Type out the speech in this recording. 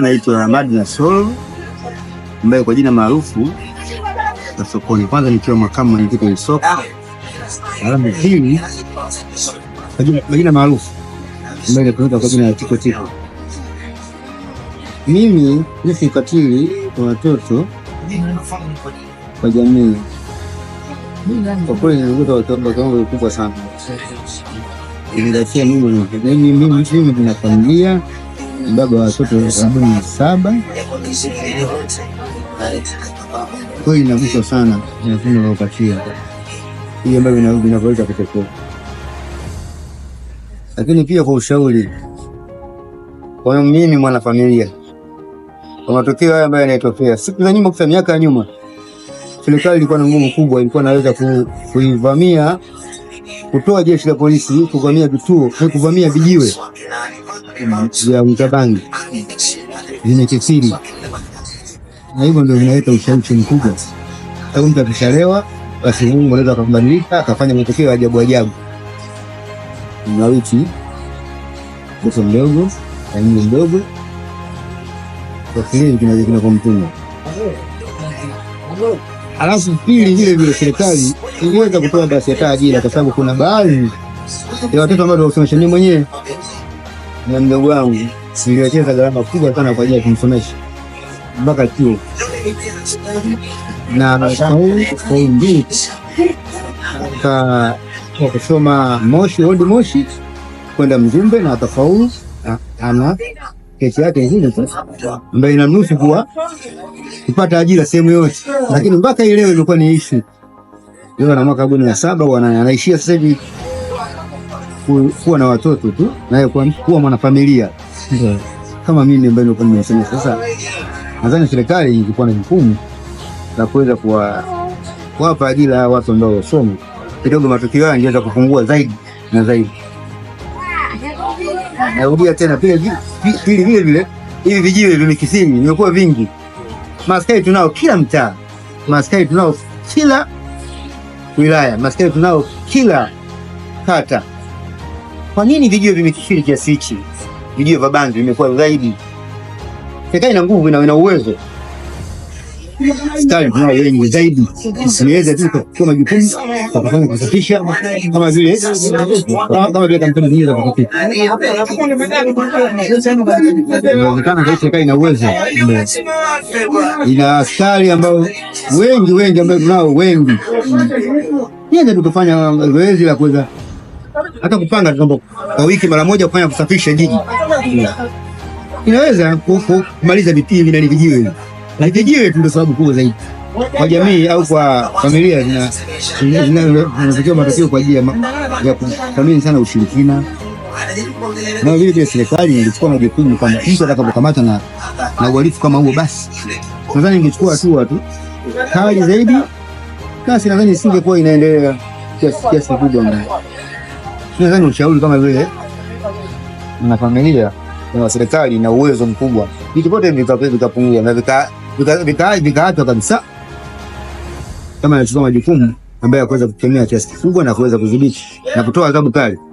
Naitwa Madina Solo ambaye kwa jina maarufu la sokoni, kwanza nikiwa makamu mwenyekiti wa soko hili, kwa jina maarufu ambaye kwa jina ya Tiko Tiko. Mimi nisi ukatili kwa watoto kwa jamii, kwa kweli nilikuta watoto kubwa sana, imedachia mimi mimi na familia baba wa watoto sabini na saba. Kwa hiyo inaguswa sana na tendo la ukatili hii ambayo inavyoleta kutokea lakini pia kwa ushauri kwa mimi mwanafamilia, kwa matokeo haya ambayo yanatokea siku za nyuma, kwa miaka ya nyuma, serikali ilikuwa na nguvu kubwa, ilikuwa inaweza kuivamia kutoa jeshi la polisi kuvamia vituo, eh, kuvamia vijiwe vya mtabangi vyenye na hivyo ndio vinaleta ushawishi mkubwa. Au mtu akishalewa, basi Mungu anaweza akabadilika akafanya matokeo ya ajabu ajabu. Nawiti mtoto mdogo na mdogo, kwa kile kinachokwenda Alafu pili, vile vile serikali iweza kutoa basi hata ajira, kwa sababu kuna baadhi ya watoto ambao tunasomesha. Mimi mwenyewe na mdogo wangu niliwekeza gharama kubwa sana kwa ajili ya kumsomesha mpaka chuo na sahivi kusoma Moshi, Old Moshi kwenda mzumbe na atafaulu ana kesi yake nzuri tu ambayo inamruhusu kuwa kupata ajira sehemu yote, lakini mpaka hii leo imekuwa ni issue. Leo na mwaka sabini na saba bwana anaishia sasa hivi kuwa na watoto tu naye kuwa mwanafamilia kama mimi ambaye nilikuwa nimesema. Sasa nadhani serikali ilikuwa na jukumu la kuweza kuwapa ajira watu ambao wasoma kidogo, matukio haya yangeweza kupungua zaidi na zaidi narudia tena vile vile vile, hivi vijiwe vimekithiri, vimekuwa vingi. maskari tunao kila mtaa, maskari tunao kila wilaya, maskari tunao kila kata. Kwa nini vijiwe vimekithiri kiasi hichi? Vijiwe vya bangi vimekuwa zaidi. Serikali ina nguvu na ina uwezo stadi na wengi zaidi siweze tu kwa majukumu kwa kusafisha kama vile kama vile kampeni nyingi za kusafisha inaonekana kwa serikali ina uwezo, ina askari ambao wengi wengi ambao tunao wengi, niende tukafanya zoezi la kuweza hata kupanga kwa wiki mara moja kufanya kusafisha jiji, inaweza kumaliza vitii vinani vijiwe hivi na kijiwe ndio sababu kubwa zaidi kwa jamii au kwa familia zinazotokea matokeo kwa ajili ya kuthamini sana ushirikina na vile vile serikali ilichukua majukumu kwamba mtu atakapokamata na na uhalifu kama huo, basi nadhani ingechukua hatua tu kali zaidi. Kasi nadhani isingekuwa inaendelea kiasi kikubwa Nadhani ushauri kama vile na familia na serikali na uwezo mkubwa, vitu vyote vitapungua na vikaacha kabisa kama anachukua majukumu ambayo akuweza kukemea kiasi kikubwa na kuweza kudhibiti na kutoa adhabu kali.